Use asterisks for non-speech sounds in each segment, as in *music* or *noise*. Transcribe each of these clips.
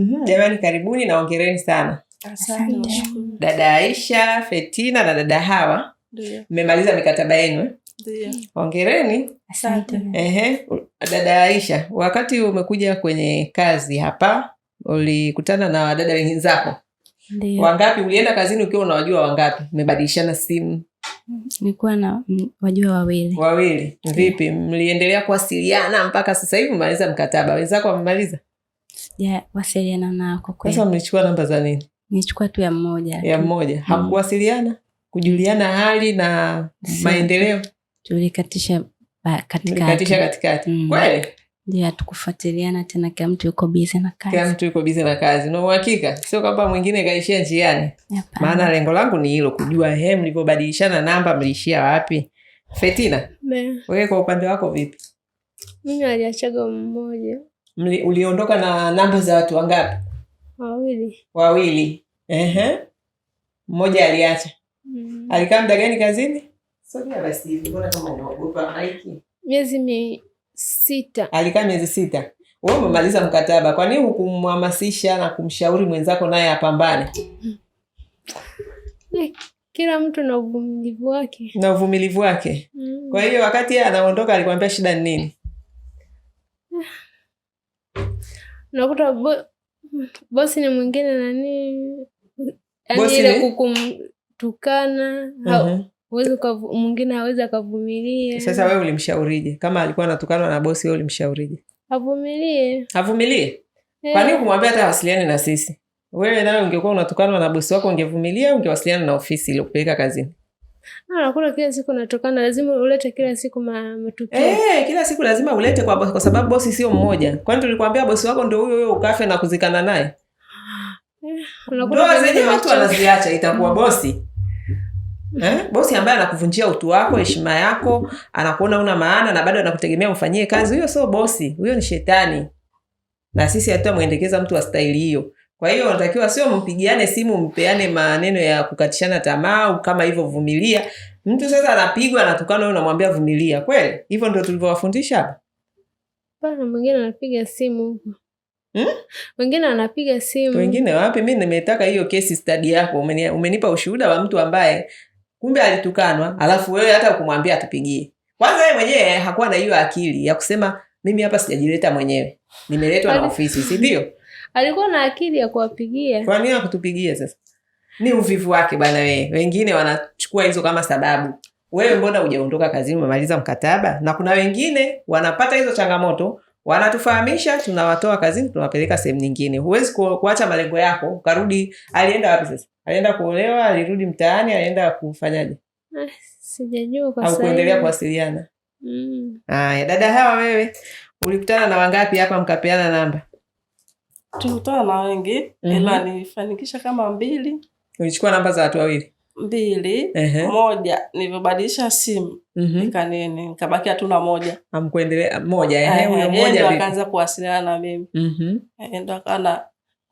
Mhm. Jamani, karibuni na ongereni sana. Asante. Dada Aisha, Fetina na dada Hawa, mmemaliza mikataba yenu. Eh? Ongereni. Ehe, dada Aisha, wakati umekuja kwenye kazi hapa ulikutana na wadada wenginzako wangapi? Ulienda kazini ukiwa unawajua wangapi? Mmebadilishana simu? Nilikuwa na wajua wawili. Wawili. Vipi, mliendelea kuwasiliana mpaka sasa hivi mmaliza mkataba? Wenzako wamemaliza? sijawasiliana nao kwa kweli. Sasa mlichukua namba za nini? Nichukua tu ya mmoja ya mmoja. Mm. Hamkuwasiliana kujuliana hali na maendeleo? Tulikatisha katikati katikati, mm. kweli hatukufuatiliana tena. Kila mtu yuko bize na kazi, kila mtu yuko bize na kazi. Na uhakika sio kwamba mwingine kaishia njiani, maana lengo langu ni hilo, kujua he, eh, mlivyobadilishana namba mliishia wapi? Fetina, wewe kwa upande wako vipi? Mimi aliachaga mmoja uliondoka na namba za watu wangapi? Wawili. Wawili. Ehe. Mmoja aliacha. Mm. Alikaa muda gani kazini? Sogea basi hivi, mbona kama unaogopa maiki? Miezi mi sita. Alikaa miezi sita. Wewe umemaliza mkataba, kwa nini hukumhamasisha na kumshauri mwenzako naye apambane? Kila mtu na uvumilivu wake, na uvumilivu wake. Mm. Kwa hiyo wakati anaondoka alikwambia shida ni nini? Ah unakuta bo, bosi ni mwingine nani yaani ile kukumtukana mhm. mwingine awezi akavumilia. Sasa wee ulimshaurije? Kama alikuwa anatukanwa na bosi, we ulimshaurije? Avumilie, avumilie. Eh. Kwa kumwambia hata wasiliani na sisi? Wewe nawe ungekuwa unatukanwa na bosi wako, ungevumilia? Ungewasiliana na ofisi iliokupeleka kazini? Nakula ah, kila siku natokana, lazima ulete kila siku ma, matukio hey, eh, kila siku lazima ulete kwa, kwa sababu bosi sio mmoja. Kwani tulikwambia bosi wako ndio huyo huyo ukafe na kuzikana naye? Eh, Ndoa zenyewe watu wanaziacha, itakuwa mm. bosi Eh, bosi ambaye anakuvunjia utu wako, heshima yako, anakuona una maana na bado anakutegemea ufanyie kazi, huyo sio bosi, huyo ni shetani. Na sisi hatutamwendekeza mtu wa staili hiyo. Kwa hiyo unatakiwa sio mpigiane simu mpeane maneno ya kukatishana tamaa, kama hivyo vumilia. Mtu sasa anapigwa anatukana, wewe unamwambia vumilia. Kweli hivyo ndio tulivyowafundisha hapa? Bana, mwingine anapiga simu hmm? Wengine wanapiga simu, wengine wapi? Mi nimetaka hiyo case study yako, umenipa ushuhuda wa mtu ambaye kumbe alitukanwa, alafu wewe hata ukumwambia atupigie. Kwanza yeye mwenyewe hakuwa na hiyo akili ya kusema mimi hapa sijajileta mwenyewe, nimeletwa na ofisi, si ndio? alikuwa na akili ya kuwapigia. Kwa nini akutupigia sasa? Ni uvivu wake bwana. Wewe wengine wanachukua hizo kama sababu. Wewe mbona hujaondoka kazini, umemaliza mkataba? Na kuna wengine wanapata hizo changamoto wanatufahamisha tunawatoa kazini, tunawapeleka sehemu nyingine. Huwezi kuacha malengo yako ukarudi. Alienda wapi sasa? Alienda kuolewa? Alirudi mtaani? Alienda kufanyaje? Ah, sijajua kwa sasa, au kuendelea kuwasiliana. Mm. Haya, mm. Dada hawa, wewe ulikutana na wangapi hapa mkapeana namba? tulikutana na wengi mm -hmm. ila nilifanikisha kama mbili. Ulichukua namba za watu wawili mbili -huh. moja nilivyobadilisha simu mm -hmm. nikanini nikabakia tu na moja amkuendelea moja ehe moja akaanza kuwasiliana na mimi mhm mm ndo akawa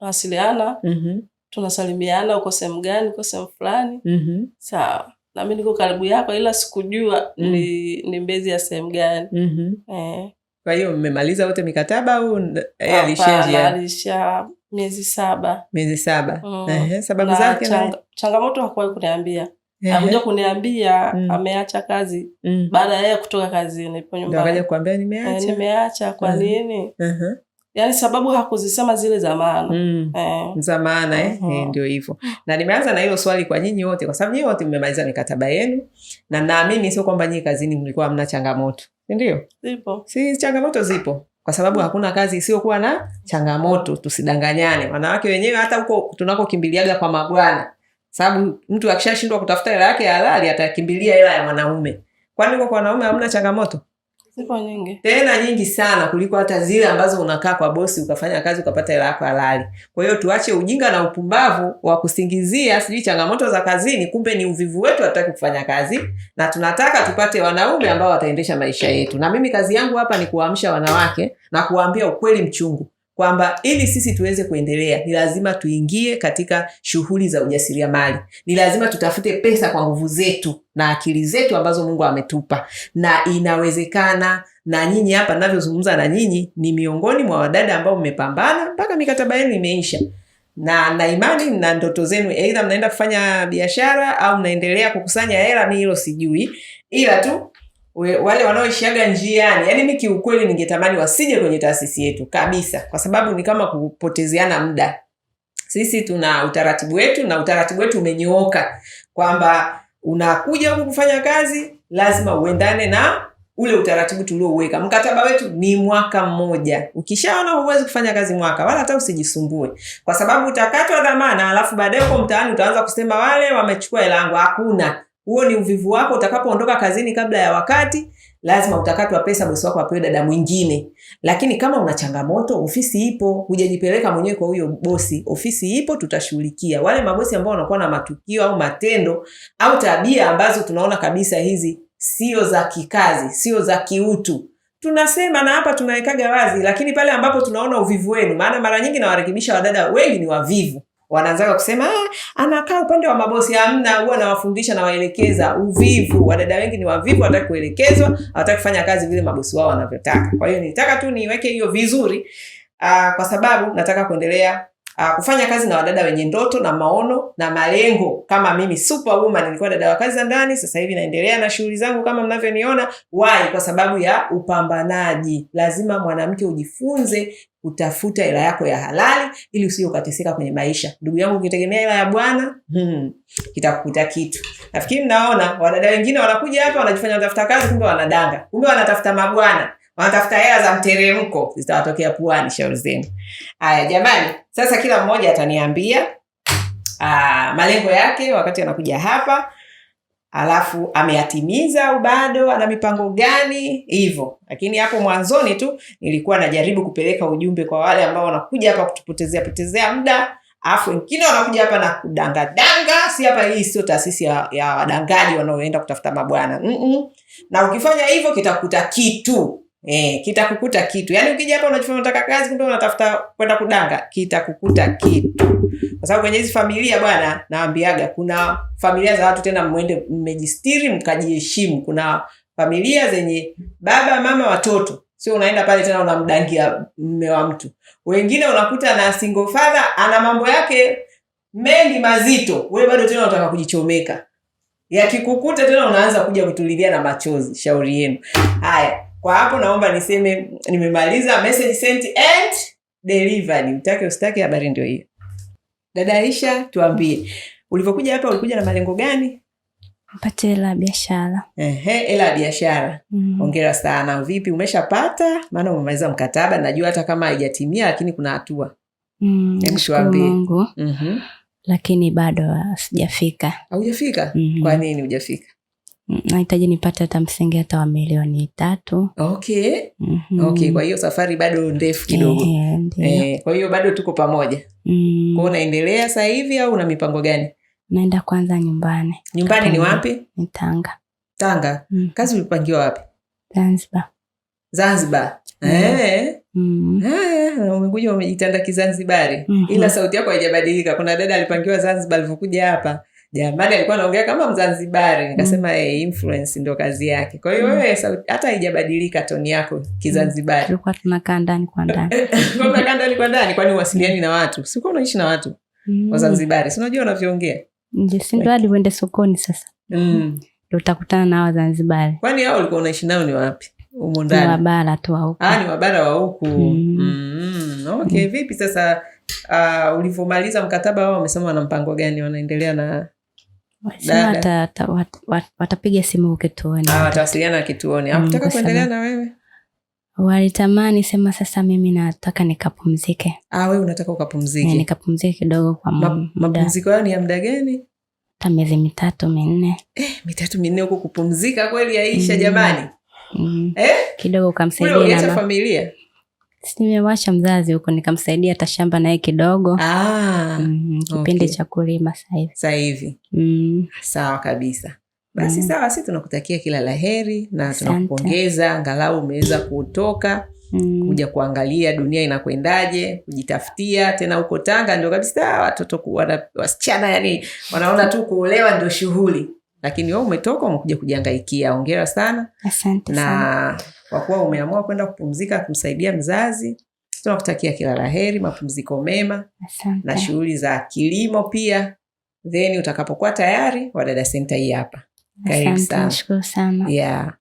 wasiliana mm -hmm. tunasalimiana uko sehemu gani uko sehemu fulani mm -hmm. sawa nami niko karibu yako ila sikujua mm ni, ni mbezi ya sehemu gani mm -hmm. eh kwa hiyo mmemaliza wote mikataba au eh, alishaingia? Alisha miezi saba. Miezi saba. Mm. sababu zake chang, changamoto hakuwahi kuniambia. akuja kuniambia mm. ameacha kazi mm. baada ya yeye kutoka kazini ipo nyumbani. kuambia nimeacha. Eh, nimeacha kwa nini? Uh -huh. Yaani sababu hakuzisema zile za maana. Mm. Eh. Za maana eh. Uh mm-hmm. eh, -huh. Ndio hivyo. Na nimeanza na hilo swali kwa nyinyi wote kwa sababu nyinyi wote mmemaliza mikataba yenu na naamini sio kwamba nyinyi kazini mlikuwa hamna changamoto sindio? Zipo, si changamoto zipo, kwa sababu mm. hakuna kazi isiyokuwa na changamoto. Tusidanganyane wanawake wenyewe, hata huko tunakokimbiliaga kwa mabwana, sababu mtu akishashindwa kutafuta hela yake halali atakimbilia hela ya mwanaume. Kwani huko kwa wanaume hamna changamoto? Zipo nyingi. Tena nyingi sana kuliko hata zile ambazo unakaa kwa bosi ukafanya kazi ukapata hela yako halali. Kwa hiyo tuache ujinga na upumbavu wa kusingizia sijui changamoto za kazini, kumbe ni uvivu wetu, hatutaki kufanya kazi, na tunataka tupate wanaume ambao wataendesha maisha yetu. Na mimi kazi yangu hapa ni kuwaamsha wanawake na kuwaambia ukweli mchungu kwamba ili sisi tuweze kuendelea ni lazima tuingie katika shughuli za ujasiriamali, ni lazima tutafute pesa kwa nguvu zetu na akili zetu ambazo Mungu ametupa, na inawezekana. Na nyinyi hapa ninavyozungumza na nyinyi ni miongoni mwa wadada ambao mmepambana mpaka mikataba yenu imeisha, na na imani na ndoto zenu, aidha mnaenda kufanya biashara au mnaendelea kukusanya hela, mi hilo sijui, ila tu wale wanaoishiaga njiani, yani mi kiukweli ningetamani wasije kwenye taasisi yetu kabisa, kwa sababu ni kama kupotezeana muda. Sisi tuna utaratibu wetu na utaratibu wetu umenyooka kwamba unakuja huku kufanya kazi, lazima uendane na ule utaratibu tuliouweka. Mkataba wetu ni mwaka mmoja. Ukishaona huwezi kufanya kazi mwaka, wala hata usijisumbue, kwa sababu utakatwa dhamana, alafu baadaye huko mtaani utaanza kusema wale wamechukua hela yangu. Hakuna huo ni uvivu wako. Utakapoondoka kazini kabla ya wakati, lazima utakatwa pesa, bosi wako apewe dada mwingine. Lakini kama una changamoto, ofisi ipo, hujajipeleka mwenyewe kwa huyo bosi, ofisi ipo, tutashughulikia. Wale mabosi ambao wanakuwa na matukio au matendo au tabia ambazo tunaona kabisa hizi sio za kikazi, sio za kiutu tunasema na hapa tunawekaga wazi, lakini pale ambapo tunaona uvivu wenu, maana mara nyingi nawarekebisha wadada wengi ni wavivu, wanaanzaga kusema ah, anakaa upande wa mabosi. Hamna, huwa nawafundisha nawaelekeza. Uvivu, wadada wengi ni wavivu, hawataki kuelekezwa, hawataki kufanya kazi vile mabosi wao wanavyotaka. Kwa hiyo nilitaka tu niweke hiyo vizuri, uh, kwa sababu nataka kuendelea uh, kufanya kazi na wadada wenye ndoto na maono na malengo kama mimi. Superwoman, nilikuwa dada wa kazi za ndani, sasa hivi naendelea na shughuli zangu kama mnavyoniona. Why? Kwa sababu ya upambanaji. Lazima mwanamke ujifunze utafuta hela yako ya halali ili usije ukateseka kwenye maisha. Ndugu yangu, ukitegemea hela ya Bwana hmm, kitakukuta kitu. Nafikiri mnaona wadada wengine wanakuja hapa wanajifanya wanatafuta kazi, kumbe wanadanga, kumbe wanatafuta mabwana, wanatafuta hela za mteremko, zitawatokea puani. Shauri zenu. aya jamani, sasa kila mmoja ataniambia ah, malengo yake wakati anakuja hapa alafu ameyatimiza au bado, ana mipango gani hivyo. Lakini hapo mwanzoni tu nilikuwa najaribu kupeleka ujumbe kwa wale ambao wanakuja hapa kutupotezea potezea muda, alafu wengine wanakuja hapa na kudangadanga. Si hapa, hii sio taasisi ya wadangaji wanaoenda kutafuta mabwana mm -mm. Na ukifanya hivyo kitakuta kitu Eh, kitakukuta kitu. Yaani ukija hapa unajifanya unataka kazi kumbe unatafuta kwenda kudanga, kitakukuta kitu. Kwa sababu kwenye hizi familia bwana, naambiaga kuna familia za watu tena, mwende mmejistiri, mkajiheshimu. Kuna familia zenye baba, mama, watoto, sio unaenda pale tena unamdangia mme wa mtu. Wengine unakuta na single father ana mambo yake mengi mazito, wewe bado tena unataka kujichomeka. Yakikukuta tena unaanza kuja kutulilia na machozi. Shauri yenu. Haya, kwa hapo naomba niseme nimemaliza. Message sent and delivery Utake usitake, habari ndio hiyo. Dada Aisha, tuambie ulivyokuja hapa, ulikuja na malengo gani? Mpate hela ya biashara. Ehe, hela ya biashara. Mm. Hongera sana. Vipi, umeshapata? Maana umemaliza mkataba, najua hata kama haijatimia, lakini kuna hatua. Mm, tuambie. Mungu. Mhm. Lakini bado uh, sijafika. Haujafika? Mm -hmm. Kwa nini hujafika? nahitaji nipate hata msingi hata wa milioni tatu. Okay. mm -hmm. Okay, kwa hiyo safari bado ndefu kidogo. E, eh, kwa hiyo bado tuko pamoja mm. Kwa unaendelea sasa hivi au una mipango gani? Naenda kwanza nyumbani. Nyumbani ni wapi? Ni Tanga. Tanga. mm. Kazi ulipangiwa wapi? Zanzibar. Zanzibar. Mm. Eh. mm. Eh, umekuja umejitanda Kizanzibari. mm -hmm. Ila sauti yako haijabadilika. Kuna dada alipangiwa Zanzibar alivyokuja hapa jamani alikuwa anaongea kama Mzanzibari. Nikasema mm. Hey, eh, influence ndo kazi mm. yake. Kwa hiyo mm. wewe mm. hata haijabadilika toni yako Kizanzibari, tulikuwa tunakaa ndani kwa ndani, *laughs* tunakaa ndani kwa ndani, kwani uwasiliani na watu? Sikuwa unaishi na watu mm. Wazanzibari, si unajua wanavyoongea, si ndo hadi uende sokoni sasa mm. *laughs* ndo utakutana na Wazanzibari. Kwani hao ulikuwa unaishi nao ni wapi? Umo ndani, wabara tu wa Ah, ni wabara wa huku mm. mm. okay mm. Vipi sasa, uh, ulivyomaliza mkataba wao wamesema wana mpango gani, wanaendelea na watapiga simu kituoni, ah, watawasiliana kituoni. Mm, Amtaka kuendelea na wewe walitamani sema, sasa mimi nataka nikapumzike. Ah, wewe unataka ukapumzike? Eh, nikapumzike kidogo. Kwa mapumziko hayo ni ya muda gani? Hata miezi mitatu minne. Eh, mitatu minne huko kupumzika kweli yaisha? Mm, jamani mm, eh? kidogo ukamsaidia familia si nimemwacha mzazi huko nikamsaidia hata shamba naye kidogo. Ah, mm, kipindi okay, cha kulima sasa mm. Sawa kabisa basi mm. Sawa, si tunakutakia kila laheri na tunakupongeza angalau umeweza kutoka mm. kuja kuangalia dunia inakwendaje, kujitafutia tena. Huko Tanga ndio kabisa watoto wasichana, yani wanaona tu kuolewa ndio shughuli lakini wewe umetoka umekuja kujiangaikia ongera sana. Asante Na kwa kuwa umeamua kwenda kupumzika kumsaidia mzazi, tunakutakia kila la heri, mapumziko mema. Asante. na shughuli za kilimo pia, then utakapokuwa tayari, Wadada Senta hii hapa. Karibu sana. Yeah.